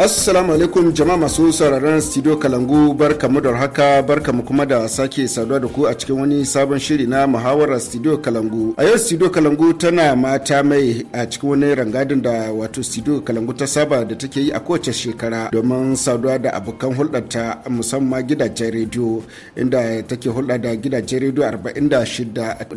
Assalamu alaikum jama'a masu sauraron studio Kalangu kamu da haka kamu kuma da sake saduwa da ku a cikin wani sabon shiri na muhawara studio Kalangu. A yau studio Kalangu tana mata mai a cikin wani rangadin da wato studio Kalangu ta saba da take yi a kowace shekara domin saduwa da abokan hulɗarta musamman gidajen rediyo inda take hulɗa da gidajen rediyo 46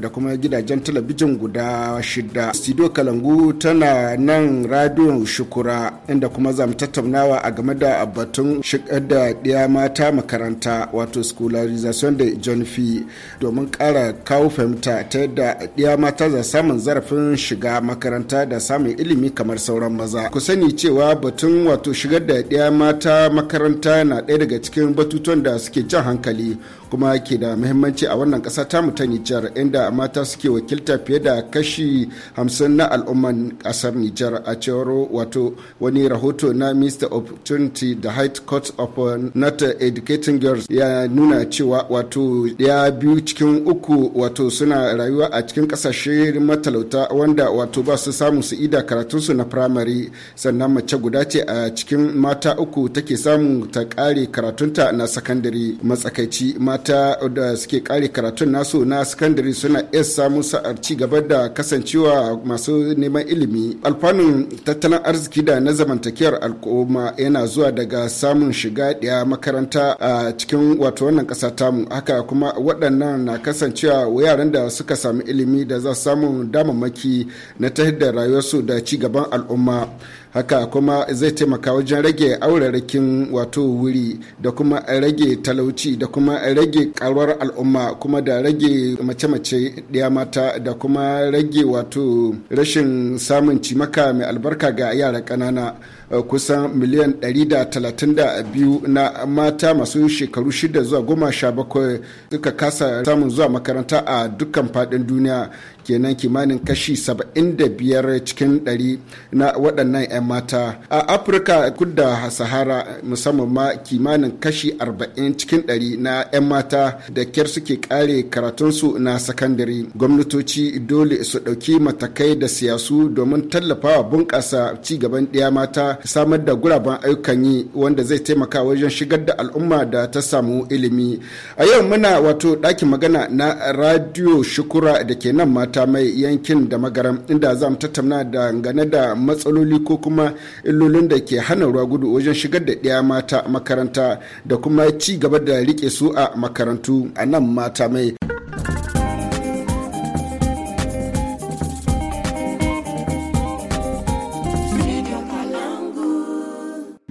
da kuma gidajen talabijin guda shida. Studio Kalangu tana nan radiyon shukura inda kuma zamu tattauna tattaunawa a game da batun shigar da ɗiya mata makaranta wato scholarization da john fi domin kara kawo fahimta ta yadda ɗiya mata za samun zarafin shiga makaranta da samun ilimi kamar sauran maza ku sani cewa batun wato shigar da ɗiya mata makaranta na ɗaya daga cikin batutuwan da suke jan hankali kuma ke da muhimmanci a wannan ƙasa tamu ta Nijar inda mata suke wakilta fiye da kashi 50 na al'umman ƙasar Nijar a cewar wato wani rahoto na Mr. the opportunity the high court of not educating girls ya nuna cewa wato ya biyu cikin uku wato suna rayuwa a cikin kasashe matalauta wanda wato ba su samu su ida karatunsu na firamare sannan mace guda ce a cikin mata uku take samu ta kare karatunta na sakandare matsakaici mata da suke kare karatun nasu na sakandare suna iya samu sa'ar ci gaba da kasancewa masu neman ilimi alfanun tattalin arziki da na zamantakewar al'umma kuma yana zuwa daga samun shiga ɗaya makaranta a cikin wato wannan ƙasa tamu haka kuma waɗannan na kasancewa yaran da suka sami ilimi da za su samu damammaki na ta da rayuwarsu da ci gaban al'umma haka kuma zai taimaka wajen rage aurarakin wato wuri da kuma rage talauci da kuma rage karuwar al'umma kuma da rage mace-mace ɗaya mata da kuma rage wato rashin samun cimaka mai albarka ga yara ƙanana eh, kusan miliyan 132 na mata masu shekaru 6 zuwa 17 suka kasa samun zuwa makaranta a dukkan faɗin duniya kenan kimanin kashi 75 cikin 100 na waɗannan 'yan mata a afirka kudda sahara musamman ma kimanin kashi 40 cikin 100 na 'yan mata da kyar suke kare karatunsu na sakandare gwamnatoci dole su ɗauki matakai da siyasu domin tallafawa bunƙasa ci gaban ɗaya mata samar da guraben ayyukan yi wanda zai taimaka wajen shigar da al'umma da ta samu ilimi a yau muna wato ɗakin magana na radio shukura da ke nan mata ta mai yankin da magaram inda za mu tattauna dangane da matsaloli ko kuma illolin da ke hana ruwa gudu wajen shigar da ɗaya mata makaranta da kuma ci gaba da rike su a makarantu a nan mata mai.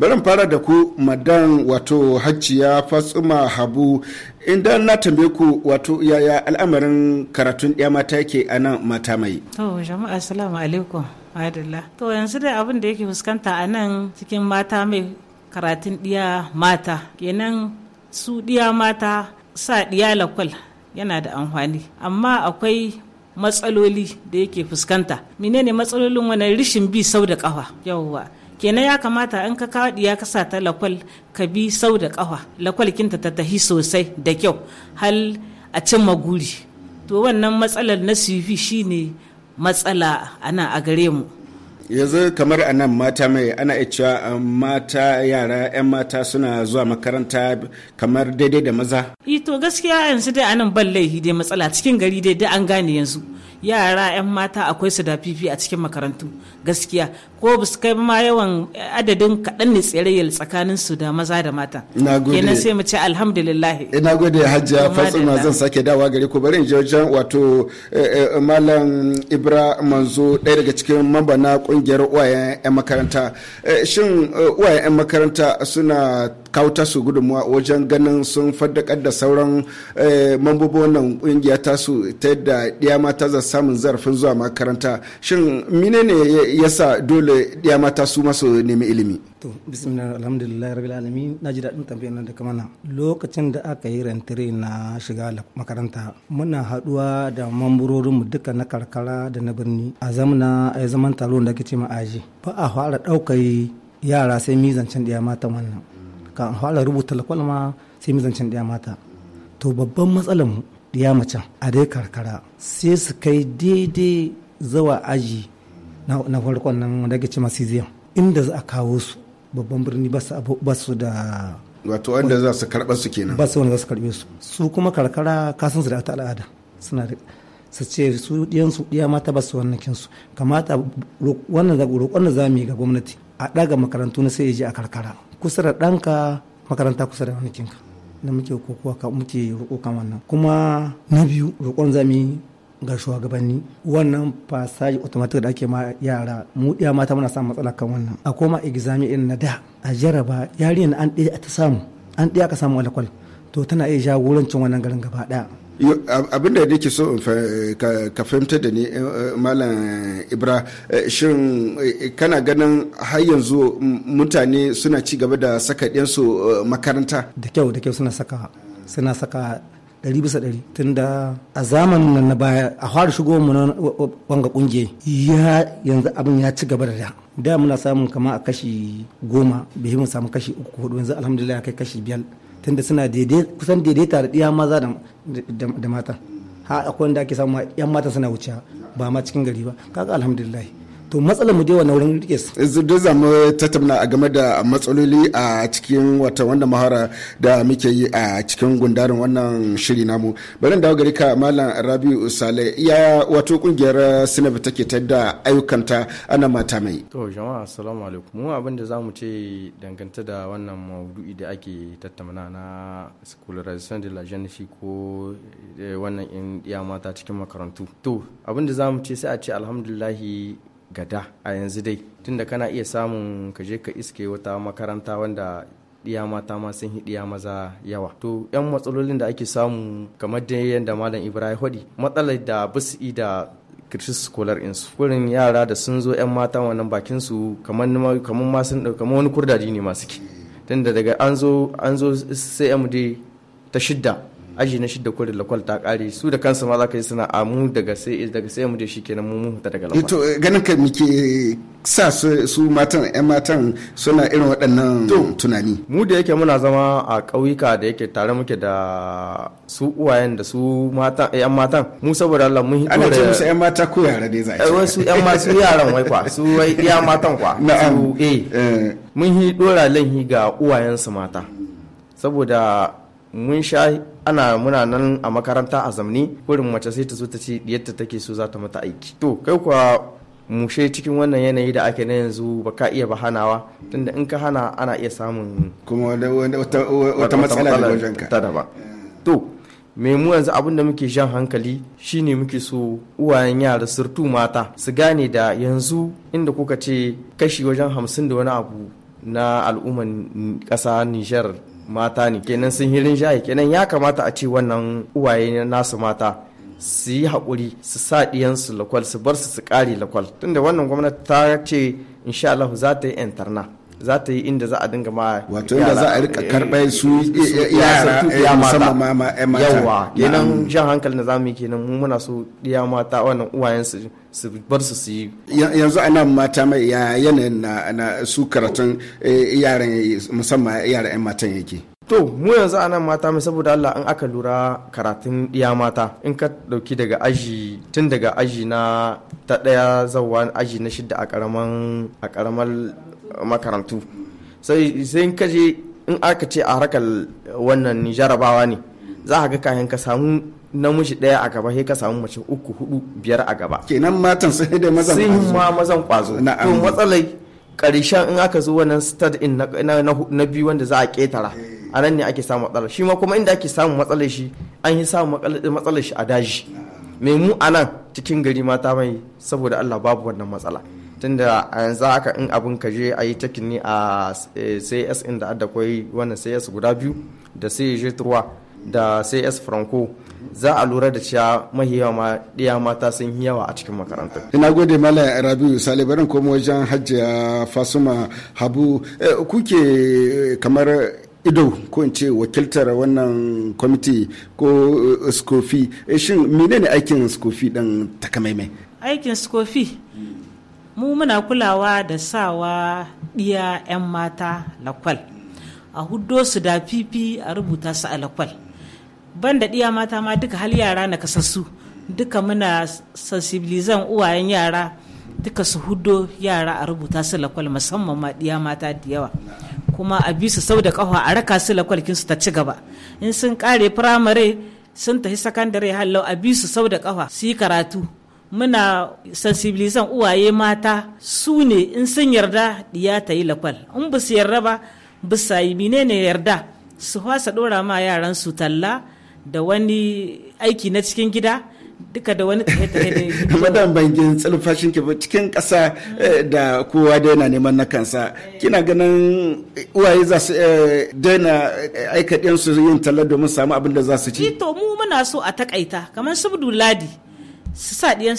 Barin fara da ku madan wato hajjiya fatsuma habu inda na tambaye ku wato yaya al'amarin karatun 'ya mata yake a nan mata mai. To jama'a salamu alaikum adalla. To yanzu dai abin da yake fuskanta a nan cikin mata mai karatun ɗiya mata kenan su ɗiya mata sa ɗiya lakwal yana da amfani amma akwai matsaloli da yake fuskanta menene matsalolin wani rishin bi sau da kafa yawwa kenan ya kamata in ka kawo ya ka ta lakwal ka bi sau da kafa lakwal kinta ta tahi sosai da kyau hal a cin maguri to wannan matsalar na sufi shine matsala ana a gare mu yanzu kamar a nan mata mai ana iya cewa eh, mata yara 'yan mata suna zuwa makaranta kamar daidai da maza. Eh, to gaskiya yanzu dai anan ban laifi dai matsala cikin gari dai dai an gane yanzu yara 'yan mata akwai su da fifi a cikin makarantu gaskiya ko ba su kai ma yawan adadin kaɗan ne tsirayyar tsakanin su da maza da mata kenan sai mu ce alhamdulillah eh, na gode hajjia fatsuma zan sake dawa gare ku bari in je wajen wato eh, eh, malam ibra manzo ɗaya daga cikin mamba na ƙungiyar uwayen 'yan makaranta shin uwayen 'yan makaranta suna kauta su gudunmuwa wajen ganin sun faddakar da sauran eh, mambobo wannan kungiya ta su ta yadda ɗiya mata za samun zarafin zuwa makaranta shin mine ne ya sa dole ɗiya mata su masu nemi ilimi to bismillah alhamdulillah rabbil alamin na ji daɗin tambayar nan da na. lokacin da aka yi rantare na shiga makaranta muna haɗuwa da mamburorin mu duka na karkara da na birni a zamana a zaman taro da ake ma aji ba a fara ɗaukar yara sai mizancin ɗaya mata wannan kan fara rubuta lakwalma sai mizancin ɗaya mata to babban matsalar mu ya mace. a dai karkara sai su kai daidai zawa aji na farkon nan wanda ake ce masiziyam inda za a kawo su babban birni ba su da wato wanda za su karɓa su kenan ba su wanda za su karɓe su su kuma karkara san su da ta al'ada suna da su ce su su ɗiya mata ba su wannan kinsu kamata wannan roƙon da za mu yi ga gwamnati a ɗaga makarantu na sai ya je a karkara kusa da ɗanka makaranta kusa da wanikinka da muke kokowa ka muke roƙo kan wannan kuma na biyu roƙon zami ga shugabanni wannan fasaji automatic da ake ma yara mu iya mata muna samun matsala kan wannan a koma exami in na da a jaraba yarinyar an ɗaya ta samu an ɗaya ka samu alkwal to tana iya jagorancin wannan garin gaba ɗaya abin da nake so ka fahimtar da ni eh, eh, malam ibra eh, shin kana ganin har yanzu mutane suna ci gaba da saka ɗansu makaranta da kyau da kyau suna saka suna saka ɗari bisa ɗari da a zamanin nan na baya a fara shigo mu na wanga kungiye ya yanzu abin ya ci gaba da da da muna samun kama a kashi goma bai mu samu kashi uku hudu yanzu alhamdulillah kai kashi biyar tunda suna kusan daidaita da ɗiya maza da mata ha akwai wanda ake samu yan mata suna wuce ba ma cikin gari ba kaga alhamdulillah to matsalar mu je wannan wurin rike su yanzu za mu tattauna a game da matsaloli a cikin wata wanda mahara da muke yi a cikin gundarin wannan shiri namu bari dawo gari ka malam rabiu sale ya wato kungiyar sinabi take ta da ayyukanta ana mata mai to jama'a assalamu alaikum mu abin da zamu ce danganta da wannan maudu'i da ake tattauna na scolarization de la jeune fille ko eh, wannan in iya mata cikin makarantu to abin da zamu ce sai a ce alhamdulillahi gada a yanzu dai tunda kana iya samun ka je ka iske wata makaranta wanda ɗiya mata ma sun hiɗiya maza yawa to yan matsalolin da ake samu kamar da yadda malam ibrahim hodi matsalar da basu da kirshi scholar su kurin yara da sun zo yan mata wannan bakin su kamar ma sun kamar wani kurdaji ne masu ki tunda daga an zo an zo sai ta shidda aji na shidda ko da lakwal ta kare su da kansu ma za ka yi suna amu daga sai daga sai mu da shi kenan mu huta daga lakwal to eh, ganin ka muke sa su matan yan matan suna irin waɗannan tunani mu da yake muna zama a ƙauyuka da yake tare muke da su uwayen da su matan yan matan mu saboda Allah mun hito da ana ce musu yan mata ko yara ne za a ce eh, wasu yan masu yaran wai kwa su wai iya matan kwa na'am eh, eh mun hito dora lanhi ga uwayensu mata saboda mun sha ana muna nan a makaranta a zamani kurin mace sai ta zo ta ce yadda take so za ta mata aiki to kai kuwa mushe cikin wannan yanayi da ake na yanzu ba ka iya ba hanawa tunda in ka hana ana iya samun kuma wata matsala da wajen ka to me mu yanzu abin da muke jan hankali shine muke so uwayen yara surtu mata su gane da yanzu inda kuka ce kashi wajen hamsin da wani abu na al'umman kasa Nijar mata ne kenan sun hirin jaye kenan ya kamata a ce wannan uwaye nasu mata su yi haƙuri su sa ɗiyansu lakwal su bar su su ƙari lakwal tunda wannan gwamnati ta ce insha Allah za ta yi interna za ta yi inda za a dinga ma wato inda za a rika karɓar su eh, eh, eh, yara musamman ma mata yawa kenan jan hankali na zamu yi kenan mu muna so ɗiya mata wannan uwayensu su bar su su yi yanzu ana mata mai ya yanayin na su karatun eh, yaran musamman yaran 'yan matan yake to mu yanzu a nan mata mai saboda Allah in aka lura karatun ɗiya mata in ka dauki daga aji tun daga aji na ta ɗaya zawa aji na shidda a karaman a karaman makarantu sai sai in ka in aka ce a harkar wannan jarabawa ne za ka ga kayan ka samu namiji ɗaya a gaba sai ka samu mace uku hudu biyar a gaba kenan matan sai da mazan sai ma mazan kwazo to matsalai karshen in aka zo wannan stud in na biyu wanda za a ketara a nan ne ake samu matsalar shi ma kuma inda ake samu matsalar shi an yi samu matsalar shi a daji mai mu a nan cikin gari mata mai saboda Allah babu wannan matsala tunda a yanzu haka in abin ka je a yi takin ne a eh, CS inda adda kwai wannan CS guda biyu da sai je turwa da cs franco za a lura da cewa mahiyawa ma ɗiya mata sun yi yawa a cikin makaranta ina gode malam rabiu sale barin koma wajen hajjiya fasuma habu eh, kuke eh, kamar ido ko in ce wakiltar wannan kwamiti ko eh, skofi shin ne aikin skofi ɗin takamaimai aikin skofi mu muna kulawa da sawa ɗiya 'yan mata lakwal a huddo su da fifi a rubuta su a lakwal ban da ɗiya mata ma duka hal yara na kasassu duka muna sensibilizan uwayen yara duka su hudo yara a rubuta su lakwal musamman ma ɗiya mata da yawa kuma a bi su sau da ƙafa a raka su lakwal su ta ci gaba in sun kare firamare sun tafi sakandare hallau a bi su sau da ƙafa su yi karatu muna sensibilizan uwaye mata su ne in sun yarda ɗiya ta yi lakwal in ba su yarda ba sa yi menene yarda su fasa ɗora ma yaran su talla da wani aiki na cikin gida duka da wani tafiye-tafiye da madan bangin tsalfashin ki cikin kasa eh, da kowa daina neman na kansa kina ganin eh, uwaye za su eh, daina aika su yin talla domin samu abin da za su ci to mu muna so a takaita kamar subdu ladi su sa ɗiyan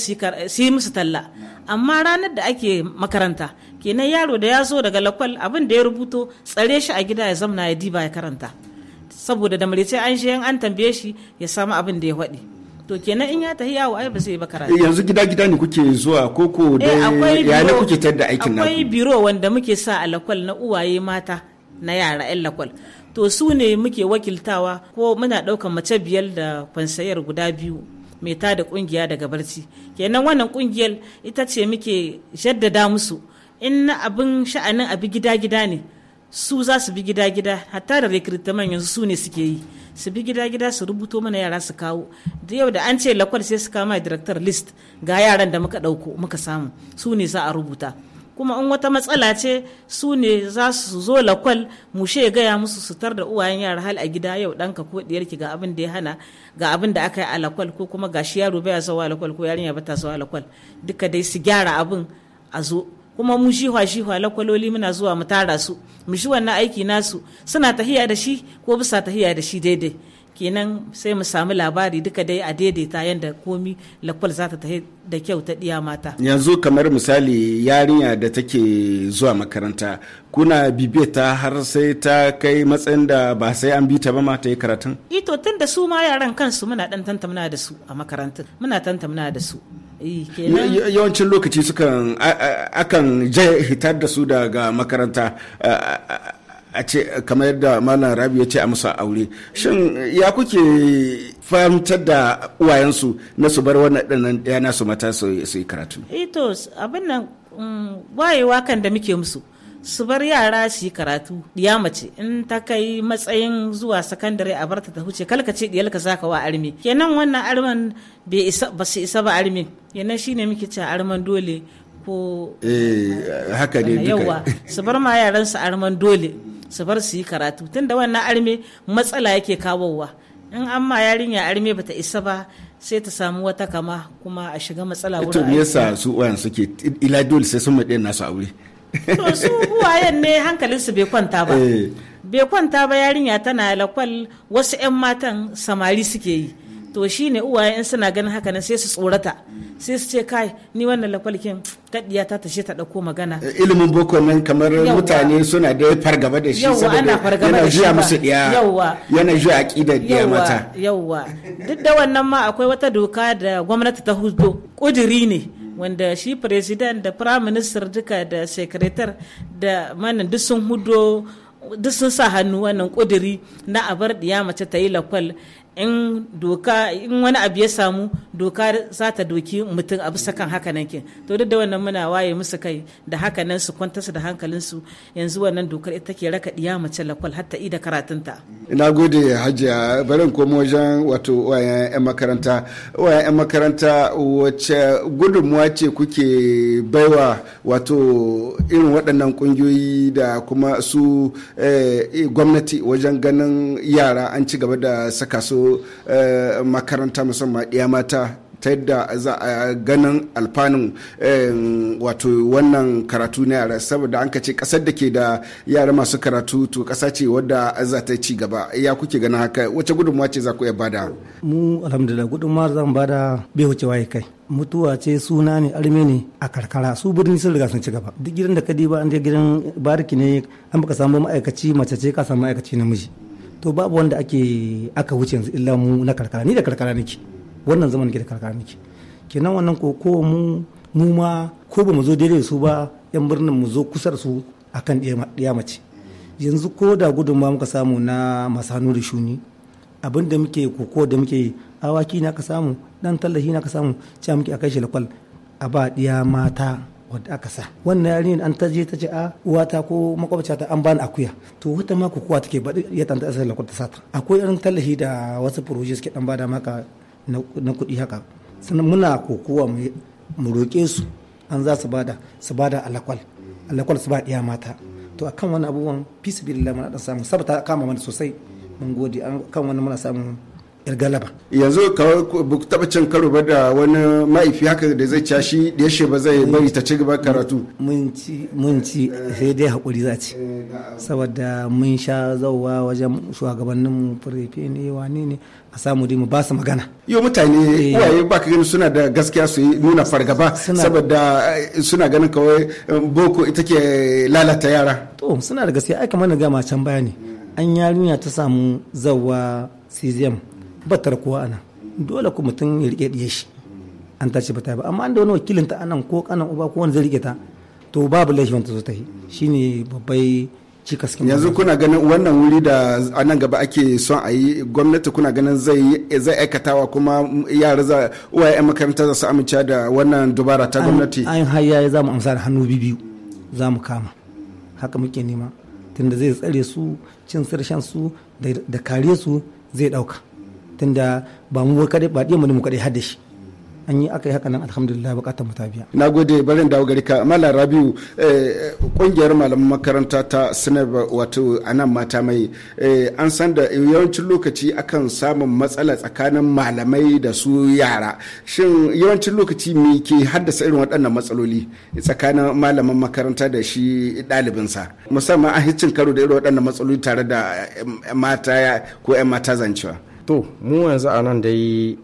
su yi musu talla amma ranar da ake makaranta kenan yaro da ya zo daga lakwal abin da ya rubuto tsare shi a gida ya zamna ya diba ya karanta saboda da malice an shi an tambaye shi ya samu abin da ya faɗi to kenan in ya tafi yawo ai ba zai ba karatu yanzu gida gida ne kuke zuwa ko eh, da ya ne kuke tar aikin nan. akwai biro wanda muke sa a lakwal na uwaye mata na yara yan lakwal to su ne muke wakiltawa ko muna ɗaukar mace biyar da kwansayar guda biyu mai ta da kungiya daga barci kenan wannan kungiyar ita ce muke jaddada musu in abin sha'anin abi gida gida ne su za su bi gida-gida hatta da rekrutaman yanzu su ne suke yi su bi gida-gida su rubuto mana yara su kawo da yau da an ce lakwal sai su kawo kama director list ga yaran da muka ɗauko muka samu su ne za a rubuta kuma in wata matsala ce su ne za su zo lakwal mushe ya gaya musu su tar da uwayen yara hal a gida yau ɗanka ko ɗiyarki ga abin da ya hana ga abin da aka yi a lakwal ko kuma gashi yaro baya sawa lakwal ko yarinya bata sawa lakwal duka dai su gyara abin a zo kuma mu shi hwa lakwaloli muna zuwa mu tara su mu shi wannan aiki nasu suna tahiya da shi ko bisa tahiya da shi daidai kenan sai mu samu labari duka dai a daidaita yadda komi lakwal za ta tahi da kyau ta ɗiya mata yanzu kamar misali yarinya da take zuwa makaranta kuna bibiyar ta har sai ta kai matsayin da ba sai an bi ta ba ma ta yi karatun ito tun da su ma yaran kansu muna dan tantamna da su a makarantar muna tantamna da su Eh, yawancin lokaci sukan akan hitar da su daga makaranta a ce kamar yadda malam rabi ya ce a musa aure shin ya kuke fahimtar da uwayensu na su bar wannan ɗaya nasu mata su yi karatu ito eh, abin nan mm, wayewa kan da muke musu su bar yara su yi karatu ya mace in ta kai matsayin zuwa sakandare a barta ta huce kalka ce diyalka zaka wa armi kenan wannan arman ba su isa ba armi kenan shine muke cewa arman dole ko eh, haka ne duka yawa su bar ma yaran su arman dole su bar su yi karatu tunda wannan arme matsala yake kawowa in an ma yarinya arme ta isa ba sai ta samu wata kama kuma a shiga matsala eh, wurin aiki. Ito yasa su wayan suke ila dole sai sun maɗe nasu aure. su wayan ne hankalinsu bai kwanta ba eh. bai kwanta ba yarinya tana lakwal wasu 'yan matan samari suke yi to shi ne uwaye in suna ganin haka nan sai su tsorata sai su ce kai ni wannan lakwalkin ta ta tashi ta dauko magana eh, ilimin boko nan kamar mutane suna da fargaba da shi saboda yana jiya musu diya yana jiya da diya mata yawa duk da wannan ma akwai wata doka da gwamnati ta hudo kudiri ne wanda shi president da prime minister duka da sekretar da manan duk sun hudo duk sun sa hannu wannan kuduri na abar diya mace ta yi lakwal in doka in wani abu ya samu doka za ta doki mutum a bisa kan haka nan to duk da wannan muna waye musu kai da haka nan su kwanta da hankalinsu yanzu wannan dokar ita ke raka diya mace lakwal har ta ida karatunta ina gode hajiya barin komo wajen wato wayan yan makaranta wayan yan makaranta wacce gudunmuwa ce kuke baiwa wato irin waɗannan kungiyoyi da kuma su eh, gwamnati wajen ganin yara an ci gaba da saka su Eh, makaranta musamman ya mata ta yadda za a ganin alfanun eh, wato wannan karatu na yara saboda an ce kasar da ke da yara masu karatu to kasa ce wadda za ta ci gaba ya kuke ganin haka wace gudunmawa ce za ku iya bada mu alhamdulillah gudunmawa zan bada bai wuce waye kai mutuwa ce suna ne arme ne a karkara su birni sun riga sun ci gaba duk gidan da ka diba an je gidan bariki ne an baka samu ma'aikaci mace ce ka samu ma'aikaci namiji to babu wanda ake aka wuce yanzu illa mu na karkara ni da karkara nake wannan zaman nake da karkara nake kenan wannan ko mu mu ma ko ba mu zo daidai su ba yan birnin mu zo kusa da su akan ɗaya mace yanzu ko da ba muka samu na masanu da shuni abin da muke koko da muke awaki na ka samu dan tallahi na ka samu cewa muke kai shi lakwal a ba ɗiya mata wanda aka sa wannan yarinyar an ta je ta ce a uwata ko makwabciya ta an bani akuya to wata ma kukuwa take baɗi ya tanta asali lakwar ta sata akwai irin tallafi da wasu furoji suke dan bada maka na kuɗi haka sannan muna kokowa mu roƙe su an za su bada su bada alakwal alakwal su ba iya mata to akan wani abubuwan fi su billah muna dan samu sabata kama mana sosai mun gode kan wani muna samun galaba yanzu kawai ku taba cin karo ba da wani ma'aifi haka da zai cashi da yashe ba zai bari ta ci gaba karatu mun ci sai dai hakuri za ci eh, saboda mun sha zauwa wajen shugabannin mu furefe ne wane ne a samu dai mu ba su magana yau mutane eh. uwaye ba ka gani suna da gaskiya su nuna fargaba saboda eh, suna ganin kawai boko ita ke lalata yara to suna da gaskiya ai kamar na gama can baya ne an yarinya ta samu zauwa cesium batar kowa ana dole ku mutum ya rike diye shi an tace ba ta ba amma an da wani wakilin ta anan ko kanan uba ko wani zai rike ta to babu laifin ta zo ta yi shine babbai cikas yanzu kuna ganin wannan wuri da anan gaba ake son a yi gwamnati kuna ganin zai zai aikatawa kuma yara za uwaye yan makaranta za su amince da wannan dubara ta gwamnati an hayya za mu amsa da hannu biyu za mu kama haka muke nema tunda zai tsare su cin sirshen su da kare su zai dauka tunda ba mu ba kadai ba ɗiyan mu ne mu kadai hada shi an yi aka yi haka nan alhamdulillah bukatar mu ta biya na gode barin dawo gari ka mala rabiu kungiyar eh, malaman makaranta ta sinar wato anan mata mai eh, an san da yawancin lokaci akan samun matsala tsakanin malamai da su yara shin yawancin lokaci me ke haddasa irin waɗannan matsaloli tsakanin malaman makaranta da shi ɗalibinsa musamman a hicin karo da irin waɗannan matsaloli tare da eh, mata ko 'yan mata zancewa to mu yanzu a nan dai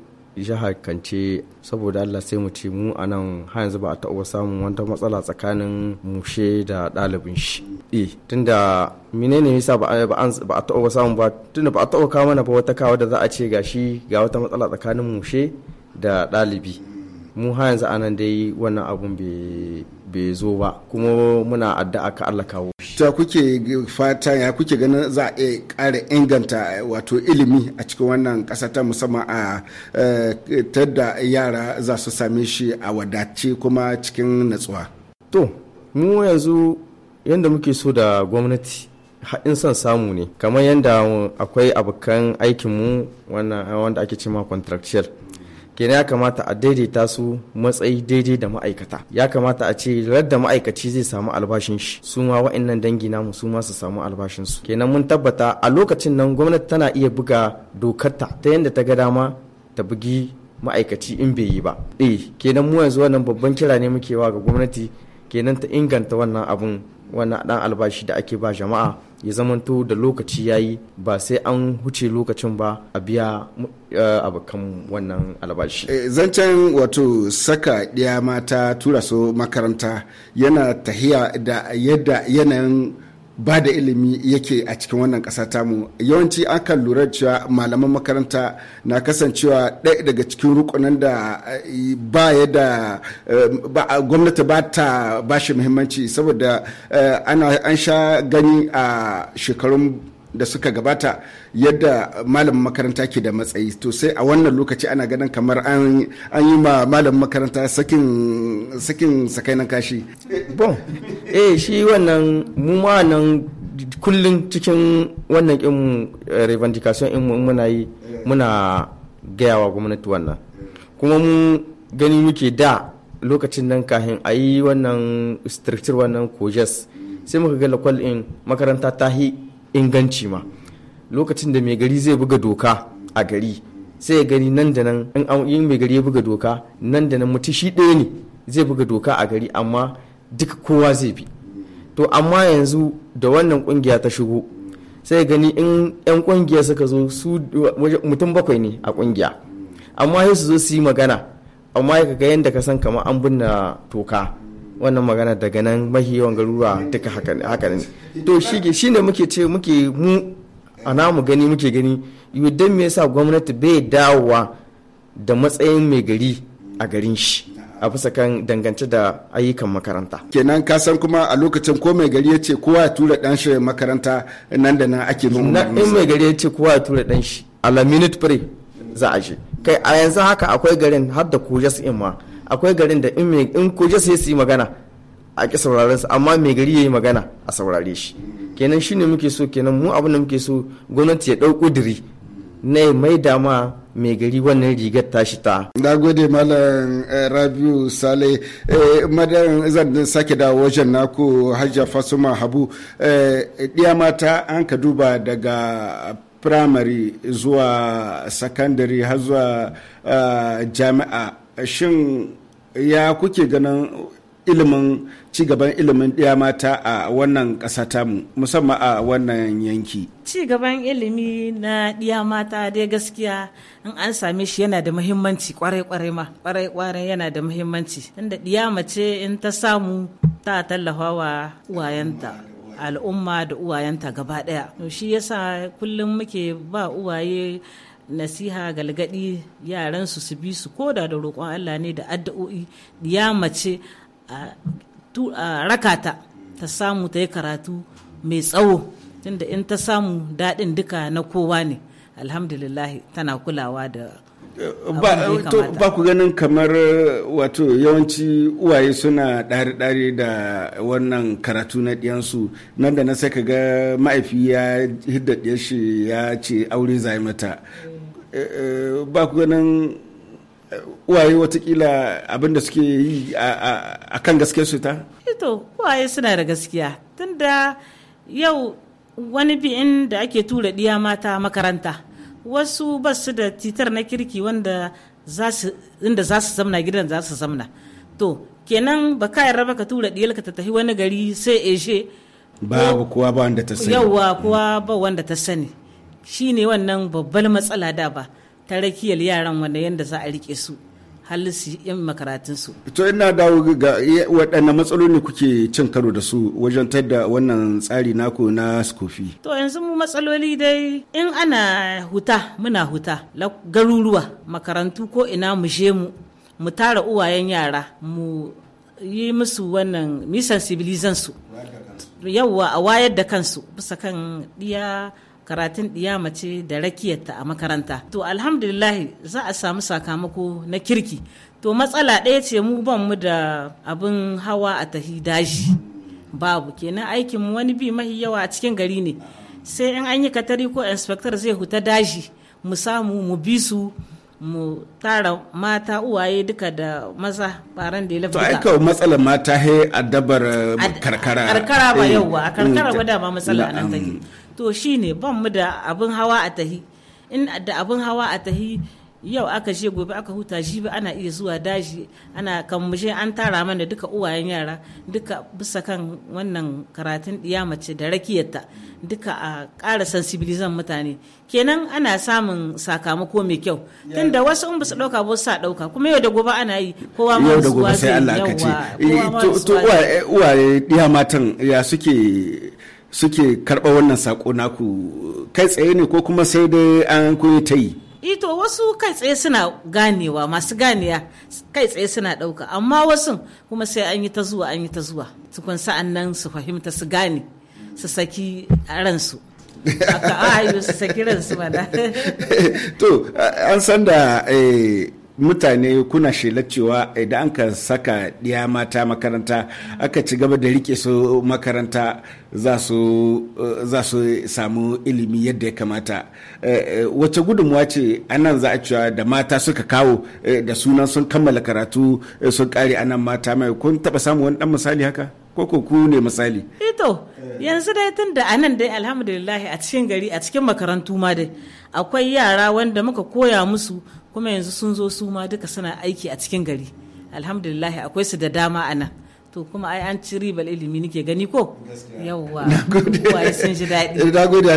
jihar kance saboda allah sai mu ce mu a nan har yanzu ba a taɓa samun wata matsala tsakanin mushe da ɗalibin shi e tunda menene yasa ba a taɓa samun ba tunda ba a taɓa kawo mana ba wata kawo da za a ce ga shi ga wata matsala tsakanin mushe da ɗalibi mu har yanzu a nan dai wannan abun bai bai zo ba kuma muna addu'a ka Allah kawo ta kuke fata ya kuke ganin za a ƙara inganta wato ilimi a cikin wannan ƙasa ta musamman a eh, tadda yara za su same shi a wadace kuma cikin natsuwa to mu yanzu yadda muke so da gwamnati haɗin son samu ne kamar yadda akwai abokan aikinmu wanda ake cema contractual kenan ya kamata a daidaita su matsayi daidai da ma'aikata ya kamata a ce radda ma'aikaci zai samu albashin shi su ma wa'annan dangi namu su ma su samu albashin su kenan mun tabbata a lokacin nan gwamnati tana iya buga dokarta ta yadda ta ga dama ta bugi ma'aikaci in bai yi ba eh kenan mu yanzu wannan babban kira ne muke wa ga gwamnati kenan ta inganta wannan abun wannan dan albashi da ake ba jama'a ya zamanto da lokaci ya yi ba sai an huce lokacin ba a biya eh, abokan wannan albashi. Eh, zancen wato saka ɗiya mata tura su makaranta yana tahiya da yadda yanayin ba da ilimi yake a cikin wannan ƙasa tamu yawanci an kan lura cewa malaman makaranta na kasancewa ɗaya daga cikin rukunan da eh, ba ya da eh, gwamnati ba ta ba muhimmanci saboda eh, an sha gani a shekarun da suka gabata yadda malamin makaranta ke da matsayi to sai a wannan lokaci ana ganin kamar an yi ma malamin makaranta sakin sakin sakainan kashi bon eh shi wannan mu ma nan kullum cikin wannan in eh, revendication in muna yi muna gayawa gwamnati wannan kuma mu gani muke da lokacin nan kahin a yi wannan structure wannan kojes sai muka ga lakwal in makaranta ta hi inganci ma lokacin da mai gari zai buga doka a gari sai ya gani nan da nan in mai gari ya buga doka nan da nan mutum shi ɗaya ne zai buga doka a gari amma duka kowa zai bi to amma yanzu da wannan kungiya ta shigo sai gani in 'yan kungiya suka zo su mutum bakwai ne a kungiya amma sai su zo su yi magana amma ya ga yadda ka san kamar an binna toka wannan magana daga nan mahi yawan garuruwa duka haka ne to shi ne muke ce muke mu a namu gani muke gani yudan me yasa gwamnati bai dawowa da matsayin mai gari a garin shi a bisa kan dangance da ayyukan makaranta kenan ka san kuma a lokacin ko mai gari ya ce kowa ya tura dan shi makaranta nan da nan ake nuna in mai gari ya ce kowa ya tura dan shi a la minute pre za a je kai a yanzu haka akwai garin har da kujas in ma akwai garin da in kuje sai su yi magana a ki sauraron su amma mai gari ya yi magana a saurare shi kenan shine muke so kenan mu abin da muke so gwamnati ya ɗau ƙuduri na mai dama mai gari wannan rigar tashi ta. Na gode Malam eh, Rabiu Sale, eh, madan zan sake da wajen naku Hajja Fasuma Habu, eh, ɗiya mata an ka duba daga firamare zuwa sakandare har zuwa jami'a. Shin ya kuke ganin ilimin cigaban ilimin ɗiya mata a wannan ƙasa tamu musamman a wannan yanki cigaban ilimi na ɗiya mata dai gaskiya in an same shi yana da muhimmanci kwarai kwarai ma kwarai kwarai yana da muhimmanci inda ɗiya mace in ta samu ta tallafa wa uwayenta al'umma da uwayenta gaba ɗaya to shi yasa kullum muke ba uwaye nasiha galgadi yaran su su bi su koda da roƙon Allah ne da addu'o'i ya mace a rakata ta samu ta karatu mai tsawo tunda in ta samu daɗin duka na kowa ne alhamdulillah tana kulawa da ba ku ganin kamar wato yawanci uwaye suna ɗari-ɗari da wannan karatu na ɗiyansu nan da na sai ka ga ma'aifi ya hidda shi ya ce aure zai mata ba ku ganin uh, uwaye watakila abinda suke yi a kan gaske su ta? ito eh uwaye suna da gaskiya tunda yau wani bi'in da ake tura ɗiya mata makaranta wasu ba su da titar na kirki wanda inda za su zamna gidan za su zamna to kenan ba ka yarda ka tura ɗiyarka ta tafi wani gari sai eshe ba kuwa ba wanda ta sani yauwa kowa ba wanda ta sani shi ne wannan babbar matsala da ba ta rakiyar yaran wanda yadda za a rike su halisi yan makaratunsu. to ina dawo ga waɗanne matsaloli kuke cin karo da su wajen tadda wannan tsari naku na skofi. to yanzu mu matsaloli dai in ana huta muna huta garuruwa makarantu ko ina mu je mu mu tara uwayen yara mu yi musu wannan misan sibilizansu, yawwa a wayar da kansu bisa kan ɗiya karatun mace da rakiyarta a makaranta to alhamdulillahi za a samu sakamako na kirki to matsala ɗaya ce mu ban mu da abin hawa a tahi daji babu kenan aikin wani bi mahi yawa a cikin gari ne sai in an yi katari ko inspector zai huta daji mu samu mu bi su mu tara mata uwaye duka da maza faran da ya lafi duka. To aika matsalar mata he eh, a dabar karkara. Karkara ba eh, yauwa a karkara ba mm, dama matsala nan take. To shine ban mu da abin hawa a tahi. In da abin hawa a tahi yau aka je gobe aka huta jibi ana iya zuwa daji ana kammuje an tara mana duka uwayen yara duka bisa kan wannan karatun mace da rakiyarta duka a ƙara sensibilizan mutane kenan ana samun sakamako mai kyau tunda wasu in basu ɗauka ba sa ɗauka kuma yau da gobe ana yi kowa ma yau da gobe sai Allah ka ce to uwaye ɗiya matan ya suke suke karɓar wannan sako naku kai tsaye ne ko kuma sai dai an koyi ta yi ito eh wasu kai tsaye suna ganewa masu ganiya kai tsaye suna ɗauka amma wasu kuma sai an yi ta zuwa an yi ta zuwa tukun sa'an nan su fahimta su gane su saki ransu a ayo su saki ransu mana to an san da eh, mutane kuna shelar cewa idan an ka saka ɗiya mata makaranta aka ci gaba da rike su makaranta za su samu ilimi yadda ya kamata eh, eh, wace gudunmuwa ce anan za a cewa da mata suka kawo eh, da sunan sun kammala karatu sun kare anan mata mai kun taba samu wani dan misali haka ko ku ne misali ito yanzu dai tun da anan dai alhamdulillah a cikin gari a cikin makarantu ma dai akwai yara wanda muka koya musu kuma yanzu sun zo su ma duka suna aiki a cikin gari alhamdulillah akwai su da dama a nan to kuma ai an ci ribar ilimi nake gani ko yawwa sun ji daɗi eh, na gode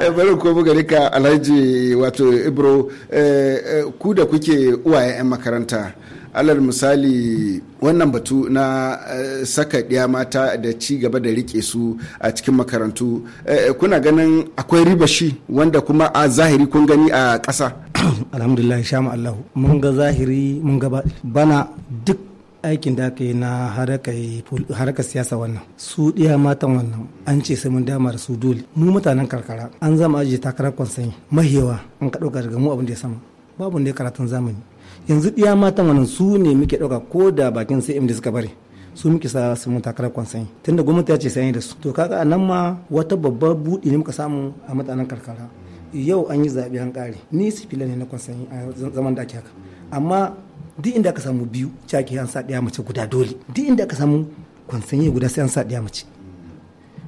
eh, bari ko buga ka alhaji wato ibro eh, ku da kuke uwaye 'yan makaranta alal misali wannan batu na eh, saka ɗiya mata da ci gaba da riƙe su a cikin makarantu eh, kuna ganin akwai riba shi wanda kuma a zahiri kun gani a ƙasa alhamdulillah sha allahu mun ga zahiri mun ga bana duk aikin da aka yi na harkar siyasa wannan su ɗiya matan wannan an ce sai mun dama da su dole mu mutanen karkara an zama ajiye takarar kwansanyi mahewa an ka ɗauka daga mu abin da ya sama babu ne karatun zamani yanzu ɗiya matan wannan su ne muke ɗauka ko da bakin sai da suka bari su muke sa su mun takarar kwansan tunda gwamnati ya ce sanyi da su to kaga nan ma wata babbar buɗi ne muka samu a mutanen karkara yau an yi zaɓe an ƙare ni sifila ne na kwansan a zaman da ake haka amma duk inda aka samu biyu caki an sa ɗaya mace guda dole duk inda aka samu kwansanye guda sai an sa ɗaya mace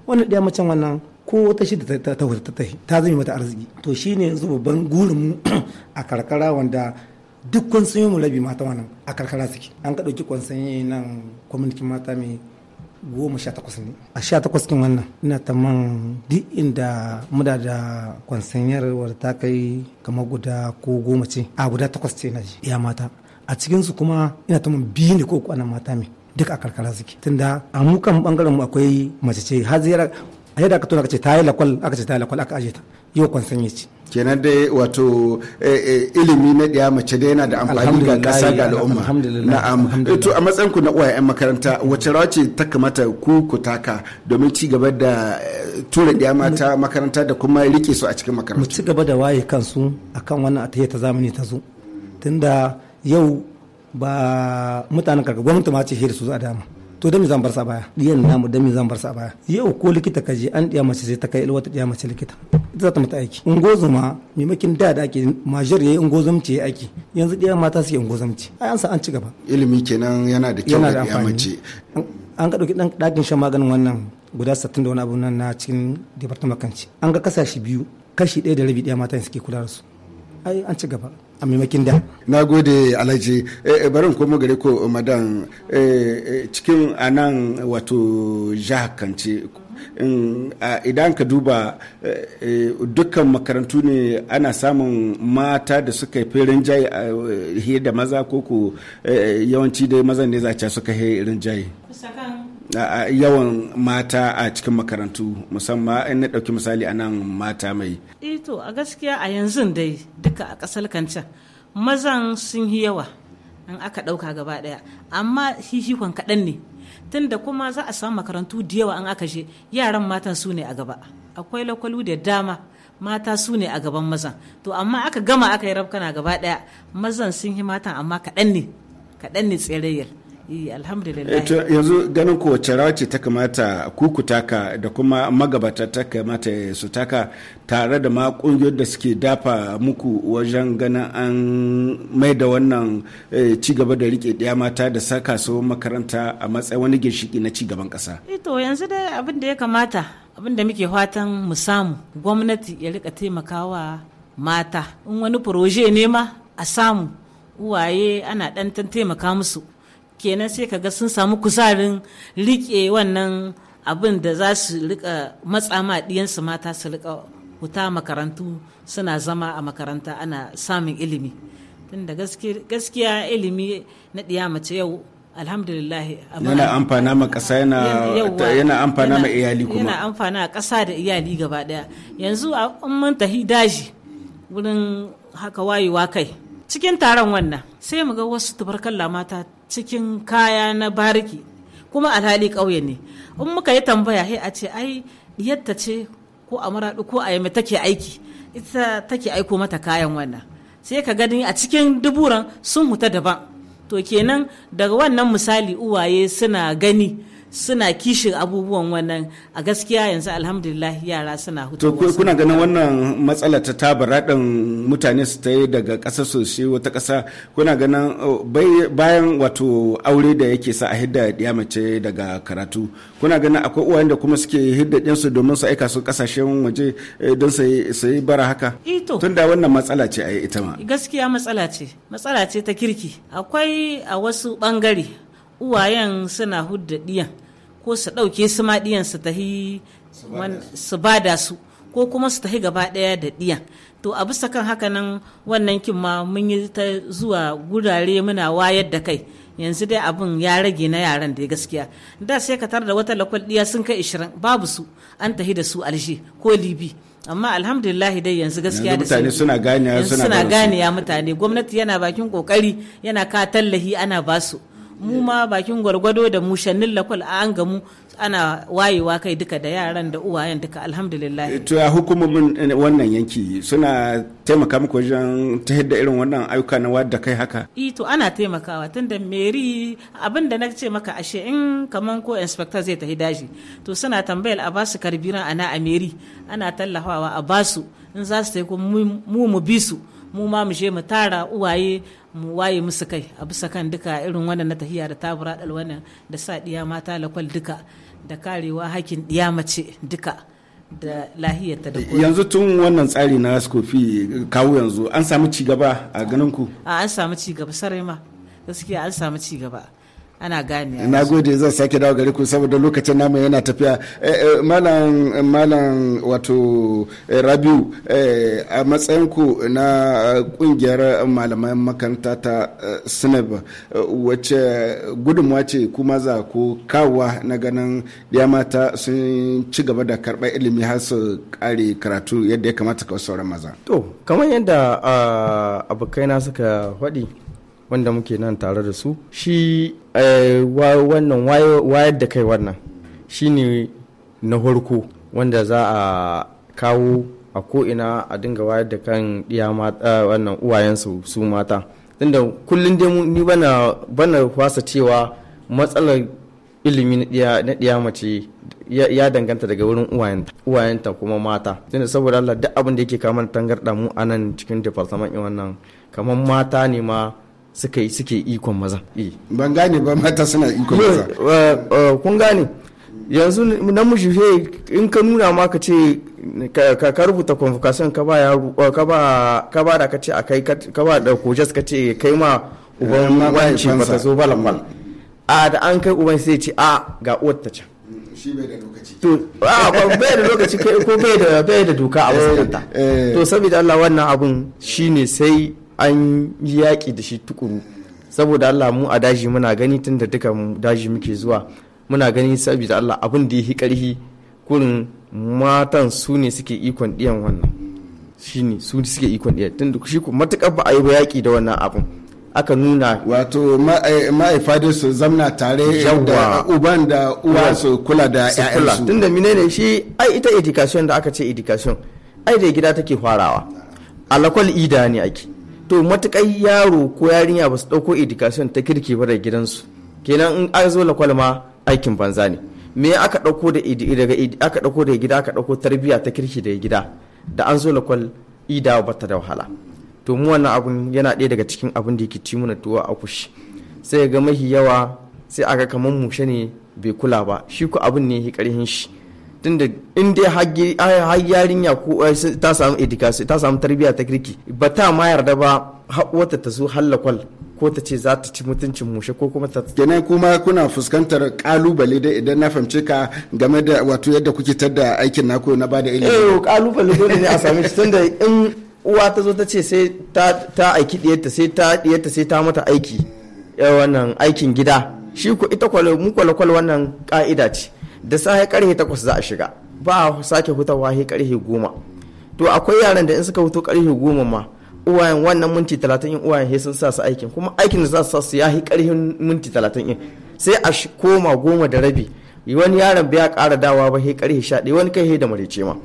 wannan ɗaya macen wannan ko wata da ta ta ta zama mata arziki to shine ta babban gurin mu a karkara wanda duk kwansanyo mu mulabi mata wannan a karkara suke an ka ɗauki yi nan kwamitin mata mai goma sha takwas ne a sha takwas kin wannan ina taman duk inda muda da kwansanyar wadda ta kai kamar guda ko goma ce a guda takwas ce na ji ya mata a cikinsu kuma ina taman biyu ne ko kwanan mata mai duk a karkara suke tunda a mu kan bangaren mu akwai mace ce har ziyara a yadda aka tona aka ce ta yi lakwal aka ce ta yi lakwal aka aje ta yau kwansanye ce kenan dai wato eh, eh, ilimi na ɗaya mace da yana da amfani ga ƙasa ga al'umma na'am to a matsayin ku na yan makaranta wace rawa ce ta kamata ku ku taka domin ci gaba da eh, tura ɗaya mata makaranta da kuma rike su a cikin makaranta mu ci gaba da waye kansu akan wannan a ta zamani ta zo tunda yau ba mutanen karkar gwamnati ma ce hira su a dama to da mi zan bar sa baya diyan namu da mi zan bar sa baya yau ko likita ka je an diya mace sai ta kai ilwa ta diya mace likita ita za ta mata aiki ungozuma maimakin da da ake majar yayi ungozumci yayi aiki yanzu diya mata suke ungozumci ai an sa an ci gaba ilimi kenan yana da kyau ga diya mace an ga dauki dan dakin shan maganin wannan guda 60 da wani abu nan na cikin department kanci an ga kasashe biyu kashi ɗaya da rabi ɗaya mata suke kula da su ai an ci gaba a maimakin da. Na gode Alhaji, eh, eh, barin kuma gare ko madan eh, cikin anan wato jihar Kance idan ka duba dukkan makarantu ne ana samun mata da suka fi rinjaye da maza koko yawanci dai mazan ne za suka fi rinjaye. yawan mata a cikin makarantu musamman in na ɗauki misali a nan mata mai eh to a gaskiya a yanzu dai duka a ƙasar kancan mazan sun yi yawa in aka ɗauka gaba ɗaya amma hihikon kaɗan ne tunda kuma za a samu makarantu da yawa an aka je yaran matan su ne a gaba akwai lakwalu da dama mata su ne a gaban mazan to amma aka gama aka yi rafkana gaba daya mazan sun yi matan amma kaɗan ne kaɗan ne tsirayyar Eh, alhamdulillah eh, yanzu ganin ko wace rawa ce ta kamata kuku taka da kuma magabata ta kamata su taka tare da ma kungiyoyin da suke dafa muku wajen ganin an mai da wannan eh, ci gaba da rike ɗaya mata da saka su makaranta a matsayin wani ginshiki na ci gaban ƙasa. to yanzu dai abin da ya kamata abin da muke fatan mu samu gwamnati ya rika taimakawa mata in wani proje ne ma a samu uwaye ana ɗan taimaka musu kenan sai kaga sun samu kuzarin riƙe wannan abin da za su rika matsa ma ɗiyansu mata su rika wuta makarantu suna zama a makaranta ana samun ilimi tunda gaskiya ilimi na ɗiya mace yau alhamdulillah yana amfana ma ƙasa yana amfana ma iyali kuma yana amfana ƙasa da iyali gaba ɗaya yanzu a mun tahi daji wurin haka wayewa kai cikin taron wannan sai mu ga wasu tubarkalla mata cikin kaya na bariki kuma alhali ƙauye ne in muka yi tambaya sai a ce ai yadda ce ko a maraɗu ko a yamma take aiki ita take aiko mata kayan wannan sai ka gani a cikin duburan sun huta daban to kenan daga wannan misali uwaye suna gani suna kishin abubuwan wannan a gaskiya yanzu alhamdulillah yara suna hutu to kuna ganin wannan matsala ta tabara din mutane su ta yi daga ƙasa sosai wata ƙasa kuna ganin oh, bayan wato aure da yake sa a hidda ya mace daga karatu kuna ganin akwai uwayen da kuma suke hidda ɗinsu domin su aika su ƙasashen waje eh, don su yi bara haka e, tunda wannan matsala ce a yi ita ma gaskiya matsala ce matsala ce ta kirki akwai a wasu ɓangare uwayen suna hudda ɗiyan ko su ɗauke su ma ɗiyan su tahi su bada su ko kuma su tahi gaba ɗaya da ɗiyan to a bisa kan haka nan wannan kin ma mun yi ta zuwa gurare muna wayar da kai yanzu dai abin ya rage na yaran da gaskiya da sai ka tar da wata lakwal ɗiya sun kai ishirin babu su an tahi da su alshe ko libi amma alhamdulillah dai yanzu gaskiya da mutane suna ganiya suna ganiya mutane gwamnati yana bakin kokari yana ka tallahi ana basu mu ma bakin gwargwado da mu shannin lakwal an gamu ana wayewa kai duka da yaran da uwayen duka alhamdulillah eh, to ya hukumomin eh, wannan yanki suna taimaka muku wajen ta yadda irin wannan ayyuka na wadda kai haka e, to ana taimakawa tunda meri abin da na ce maka ashe in kaman ko inspector zai tafi daji to suna tambayar a basu karbiran ana a meri ana tallafawa a basu in za su taiko mu mu bi su mu ma mu je mu tara uwaye mu waye musu kai a bisa kan duka irin wannan na tahiya da tabura dal wannan da sa diya mata lakwal duka da karewa hakin diya mace duka da lahiyarta da yanzu tun wannan tsari na skofi kawo yanzu an samu cigaba a ganin ku a an samu cigaba sarai ma gaskiya an samu cigaba ana gane na gode zan sake dawo gare ku saboda lokacin namu yana tafiya eh, eh, malam malam wato eh, rabiu a matsayin na kungiyar malaman makaranta ta sinab wacce gudunmuwa ce kuma za ku kawowa na ganin ya mata sun ci gaba da karɓar ilimi har su kare karatu yadda ya kamata ka sauran maza to kamar yadda ah, abokaina suka faɗi wanda muke nan tare da su shi eh, wannan wayar da kai wannan shi ne na farko wanda za a kawo a ko'ina a dinga wayar da kan iya mata eh, wannan uwayensu su mata inda kullum dai ni bana bana wasa cewa matsalar ilimi na ɗiya mace ya danganta daga wurin uwayenta kuma mata tunda saboda Allah duk abin da yake kamar tangarɗa mu a cikin departament wannan kamar mata ne ma suka yi suke ikon maza eh. ban gane ba mata suna ikon maza eh, eh, kun gane yanzu na namiji in ka nuna ma ka ce ka rubuta convocation ka ba yaro ka ba ka ba da ka ce akai ka ba da kojas ka ce kai ma uban wanci ba ta zo balambal a da an kai uban sai ce a ga uwar ta can mm, shi bai da lokaci to a bai da lokaci ko bai da bai da doka a wasu to saboda Allah wannan abun shine sai an yi yaƙi da shi tukuru saboda Allah mu a daji muna gani tun da duka daji muke zuwa muna gani saboda Allah abin da ya yi ƙarfi kurin matan su ne suke ikon ɗiyan wannan shi ne su suke ikon ɗiyan tun da shi matuƙar ba a yi yaƙi da wannan abin aka nuna wato ma'aifadin su zamna tare da uban da uwa su kula da ƴaƴansu tun da menene shi ai ita education da aka ce education ai da gida take farawa alakwal ida ne ake to matukai yaro ko yarinya ba su ɗauko education ta kirki ba da gidansu kenan in an zo lakwal ma aikin banza ne me aka ɗauko da daga aka dauko da gida aka ɗauko tarbiyya ta kirki da gida da an zo lakwal ida ba ta da wahala to mu wannan abun yana ɗaya daga cikin abin da yake ci mana tuwa a kushi sai ga mahi yawa sai aga kaman mushe ne bai kula ba shi ku abin ne ya ƙarhin shi tunda in dai har yarinya ko ta samu education ta samu tarbiyya ta kirki ba ta ma yarda ba wata ta zo hallakwal ko ta ce za ta ci mutuncin mushe ko kuma ta gane kuma kuna fuskantar kalubale dai idan na fahimci ka game da wato yadda kuke tada aikin naku na bada ilimi eh kalubale dole ne a same shi tunda in uwa ta zo ta ce sai ta aiki diyarta sai ta diyarta sai ta mata aiki eh, wannan aikin gida shi ko ita kwale mu kwale wannan ka'ida ce da safe karhe takwas za a shiga ba a sake hutawa he karhe goma to akwai yaran da in suka huto karhe goma ma uwayen wannan minti talatin in uwayen sun sa su aikin kuma aikin da za su sa su ya yi minti talatin in sai a koma goma da rabi wani yaran bai kara dawa ba he karhe sha ɗaya wani kai he da marice ma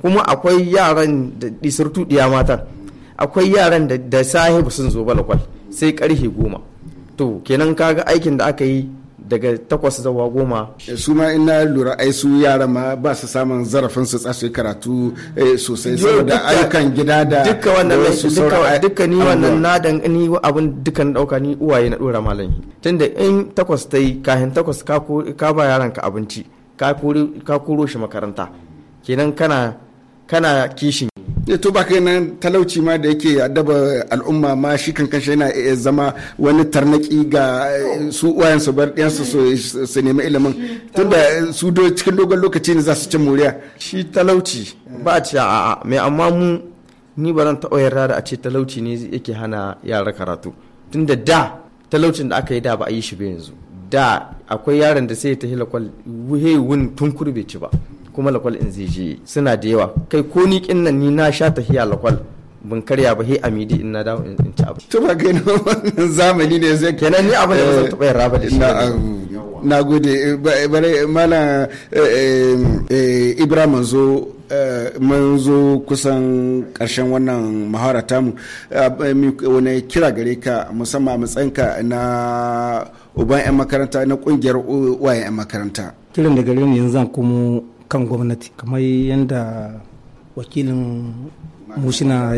kuma akwai yaran da disurtu ɗiya matan akwai yaran da sahibu sun zo ba balakwal sai karhe goma to kenan kaga aikin da aka yi daga takwas zuwa goma. Eh, su ma ina lura ai su yara ma ba su samun zarafin su tsashe karatu eh, sosai saboda ayyukan gida da duka wannan duka ni wannan nadan ni abin dukan dauka ni uwaye na dora malam. tunda in takwas ta yi kahin takwas ka ba yaran ka abinci ka koro shi makaranta kenan kana kana kishin Eh, to baka talauci ma da yake adaba al'umma ma shi kankan shi yana iya zama wani tarnaki ga eh, su wayan su bar ɗiyansu su nemi ilimin da su cikin dogon lokaci ne za su ci moriya shi talauci ba a ce a mai amma mu ni ba zan taɓa yarda da a ce talauci ne yake hana yara karatu tun da talaucin da aka yi da ba a yi shi ba yanzu da akwai yaran da sai ta hila kwal wun tun kurbe ci ba kuma lakwal in zai suna da yawa kai ko ni kin nan ni na sha tahiya lakwal ban karya ba he amidi in na dawo in ci abu to ba kai wannan zamani ne sai kenan ni abin da zan taɓa yarda ba da shi eh, na gode eh, eh, bare malam ibrahim zo mun zo kusan karshen wannan mahara tamu wani kira gare ka musamman a matsayinka na uban 'yan makaranta na kungiyar uwayen 'yan makaranta kiran da gare ni yanzu zan kuma kan gwamnati kamar yadda wakilin mushina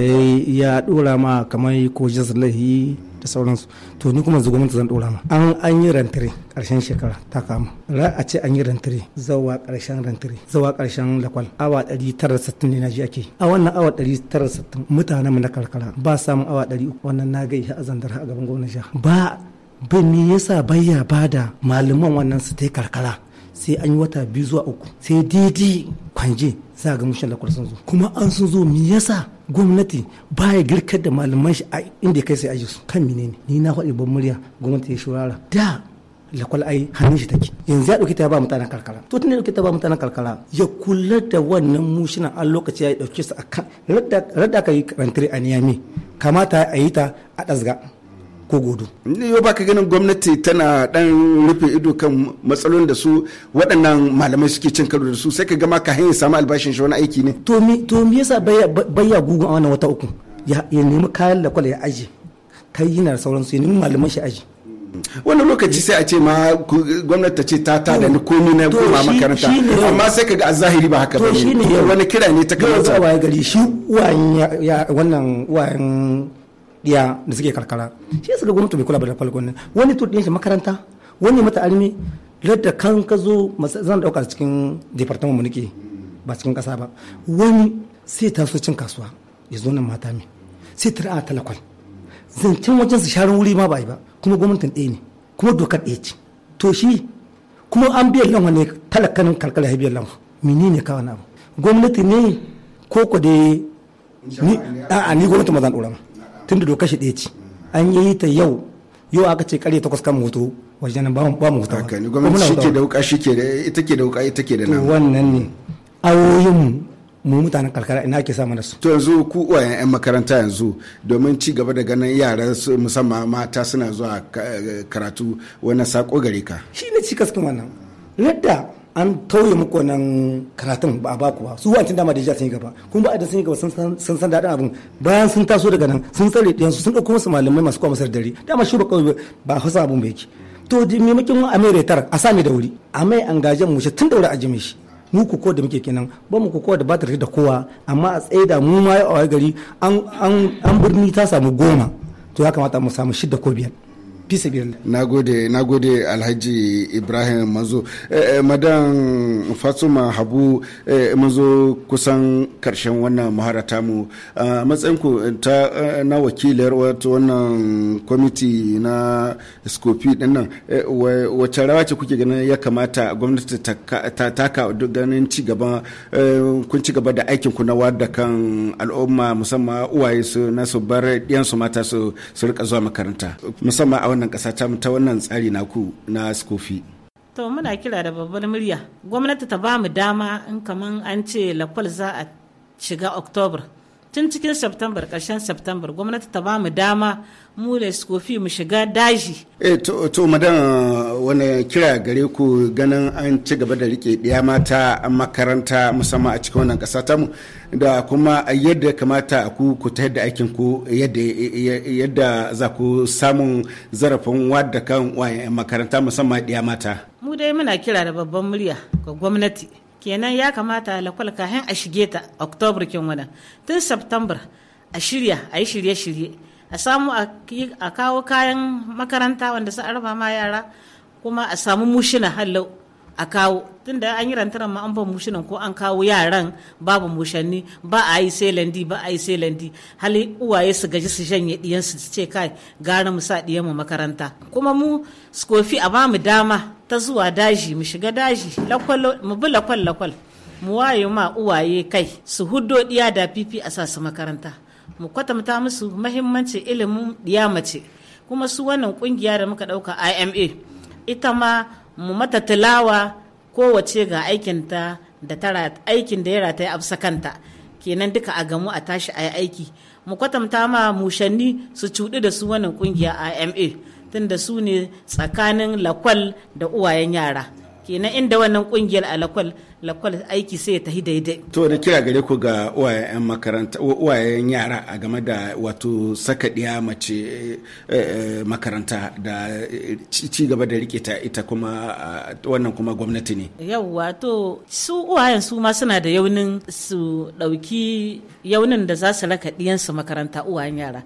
ya dora ma kamar ko lahi da sauransu to ni kuma gwamnati zan dora ma an an yi rantiri karshen shekara ta kama ra a ce an yi rantiri zawa karshen rantiri zawa karshen lakwal awa 960 ne naji ake a wannan awa 960 mutanen mu na karkara ba samun awa 300 wannan na ga a zandar a gaban gwamnati ba ba me yasa bayya bada malaman wannan su ta karkara sai an yi wata biyu zuwa uku sai daidai kwanje za ga mushin lakwar sun zo kuma an sun zo me yasa gwamnati ba ya girkar da malaman shi a inda kai sai aji su kan ne ni na faɗi ban murya gwamnati ya shawara da lakwal ai hannun shi take yanzu ya dauki ta ba mutanen karkara to tun da dauki ta ba mutanen karkara ya kula da wannan mushinan an lokaci ya dauke su akan radda ka yi karantare a niyami kamata a yi ta a ɗasga ko godo. yau baka ganin gwamnati tana dan rufe ido kan matsalolin da su waɗannan malamai suke cin karo da su sai ka gama ka hanyar samu albashin shi wani aiki ne. to mi to mi yasa bayya gugun a wannan wata uku ya nemi kayan da kwale ya aji kai yana da sauransu ya nemi malaman shi aji. wani lokaci sai a ce ma gwamnati ta ce ta ta da komi na koma makaranta amma sai kaga a zahiri ba haka bane wani kira ne ta kamata to shi ne ya gari shi wannan diya da suke karkara shi yasa ga gwamnati bai kula ba da falkon wani tur shi makaranta wani mata almi ladda kan ka zo zan dauka cikin departament mu ba cikin kasa ba wani sai ta so cin kasuwa ya zo nan mata mai sai ta ra'a talakwal zancen wajen su sharan wuri ma ba yi ba kuma gwamnatin ɗaya ne kuma dokar ɗaya ce to shi kuma an biyan lanwa ne talakanin karkara ya biyan lanwa mini ne kawai na gwamnati ne ko ko da ni a'a ni gwamnati ma zan ɗora ma tun da dokar shi ɗaya ce an yi ta yau yau aka ce karya takwas kan hoto wajen ba mu ba mu hoto haka ne gwamnati shi ke da wuka shi ke da ita ke da wuka ita ke da nama wannan ne ayoyin mu mutanen karkara ina ke sa mana su to yanzu ku uwayen yan makaranta yanzu domin ci gaba da ganin yara musamman mata suna zuwa eh, karatu wannan sako gare ka shine cikas kin wannan yadda an tauye muku wannan karatun ba a baku ba su wancan dama da jiya sun yi gaba kuma ba a sun yi gaba sun san daɗin abin bayan sun taso daga nan sun tsare ɗiyansu sun ɗauko masu malamai masu kwa masar dare dama shi ba kawai ba hasa abin ba yake to maimakon a mai retar a sami da wuri a mai an gajen mu tun da wuri a jimi shi mu ku da muke kenan ba mu ku da ba ta da kowa amma a tsaye da mu ma a gari an birni ta samu goma to ya kamata mu samu shidda ko biyar na gode nagode nagode alhaji ibrahim manzo eh, eh madan fatuma habu eh, manzo kusan karshen wannan maharata mu uh, matsayinku eh, ta uh, na wakilar wato wannan kwamiti na skopi dinnan eh, wacce rawa ce kuke ganin ya kamata gwamnati ta taka ganin ci gaba kun ci gaba da aikin ku na wadda kan al'umma musamman uwaye su na su bar diyan su mata su rika zuwa makaranta musamman a wannan ƙasa ta wannan tsari naku na skofi to muna kira da babbar murya gwamnati ta bamu dama in kaman an ce lakwal za a shiga oktobar tun cikin september ƙarshen september gwamnati ta bamu dama mu da skofi mu shiga daji e to, to madan wani kira gare ku ganin an ci gaba da rike ɗaya mata makaranta musamman a cikin wannan ƙasa mu. da kuma yadda kamata ku ku ta yadda aikin ku yadda za ku samun zarafin wadda kan makaranta musamman ɗiya mata. Mu dai muna kira da babban murya ga gwamnati kenan ya kamata lakwal kahin a shige ta Oktobar kin wannan tun September a shirya a yi shirye-shirye a samu a kawo kayan makaranta wanda su arba ma yara kuma a samu mushina hallau a kawo tunda an yi rantaran ma an ba mushinan ko an kawo yaran babu mushanni ba a yi sai landi ba a yi sai landi hali uwaye su gaji su janye diyansu su ce kai gara mu sa diyanmu makaranta kuma mu skofi a bamu dama ta zuwa daji mu shiga daji lakwal mu bi lakwal lakwal mu waye ma uwaye kai su huddo diya da fifi a sa su makaranta mu kwatanta musu mahimmancin ilimin diya mace kuma su wannan kungiya da muka dauka IMA ita ma mu mata tilawa kowace ga aikinta da tara aikin da ya rataya a bisa kanta kenan duka a gamu a tashi a aiki mu kwatanta ma mushanni su cuɗi da su wannan kungiya IMA tunda su ne tsakanin lakwal da uwayen yara kenan inda wannan kungiyar a lakwal lakwal aiki sai ta daidai to da kira gare ku ga uwayen makaranta uwayen yara a game da wato saka diya mace eh, eh, makaranta da eh, ci gaba da rike ta ita kuma wannan kuma gwamnati ne yau wato su uwayen su ma suna da yaunin su dauki yaunin da za su raka diyansu makaranta uwayen yara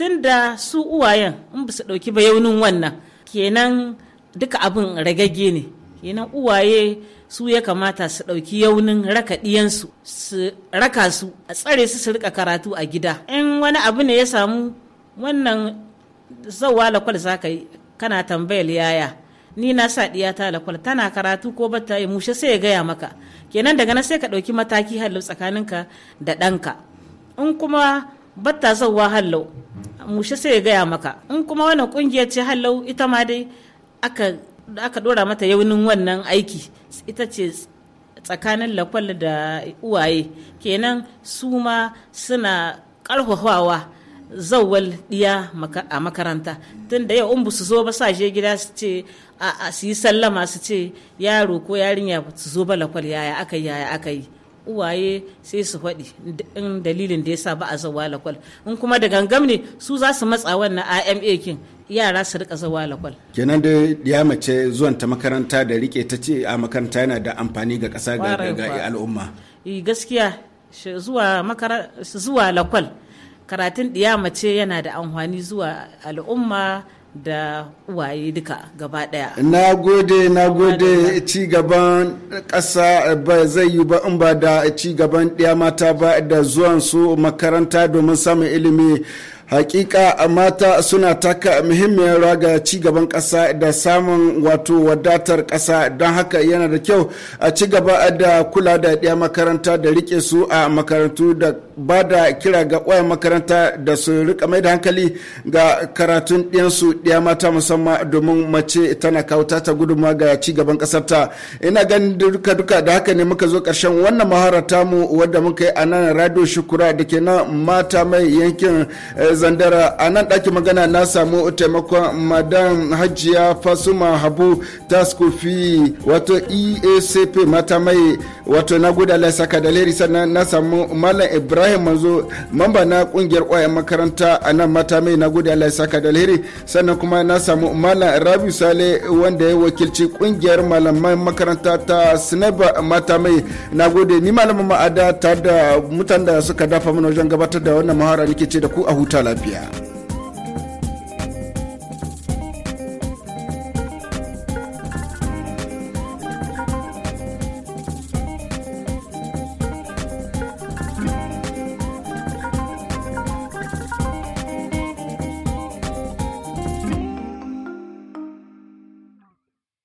tunda su uwayen in ba su dauki ba yaunin wannan kenan duka abin ragagge ne kenan uwaye su ya kamata su ɗauki yaunin raka su raka su a tsare su su rika karatu a gida in wani abu ne ya samu wannan zauwa lakwal za ka yi kana tambayar yaya ni na sa ɗiyata lakwal tana karatu ko ta yi mushe sai ya gaya maka kenan daga nan sai ka ɗauki mataki hallo tsakaninka da ɗanka in kuma batta zauwa hallo mushe sai ya gaya maka in kuma wannan ƙungiyar ce hallo ita ma dai aka da aka dora mata yaunin wannan aiki ita ce tsakanin lakwal da uwaye kenan su ma suna karfafawa zawal diya a makaranta tun da yau in su zo ba sa je gida su ce a su yi sallama su ce yaro ko yarinya su zo ba lakwal yaya aka yi yaya aka yi uwaye sai su faɗi in dalilin da ya sa ba a zawa lakwal in kuma da gangam ne su za su matsa wannan AMA kin yara su rika zawa lakwal kenan da ya mace zuwan ta makaranta da rike ta ce a makaranta yana da amfani ga ƙasa ga al'umma e, gaskiya zuwa zuwa lakwal karatun ɗiya mace yana da amfani zuwa al'umma da waye duka gaba daya. Na gode, na gode ci gaban ƙasa eh, ba zai yi ba in ba da ci gaban ɗaya mata ba da zuwan su makaranta domin samun ilimi. hakika mata suna taka muhimmiyar ga ci gaban kasa da samun wato wadatar kasa don haka yana da kyau a ci gaba da kula da ɗaya makaranta da rike su a makarantu da ba da kira ga ƙwaya makaranta da su rika mai da hankali ga karatun ɗiyansu ɗaya mata musamman domin mace tana kauta ta gudunma ga ci gaban ƙasarta ina ganin duka duka da haka ne muka zo ƙarshen wannan mahara mu wadda muka yi a nan radio shukura da ke nan mata mai yankin eh, zandara a nan ɗakin magana na samu taimakon madam hajiya fasuma habu ta skofi wato eacp mata mai wato na guda laisaka da leri sannan na samu malam ibrahim manzo mamba na kungiyar kwayan makaranta a nan mata mai na guda laisaka da leri sannan kuma na samu malam rabi sale wanda ya wakilci kungiyar malaman makaranta ta sinaba mata mai na gode ni malamin ma'ada tare da mutanen da suka dafa mana wajen gabatar da wannan mahara nake ce da ku a huta la bière.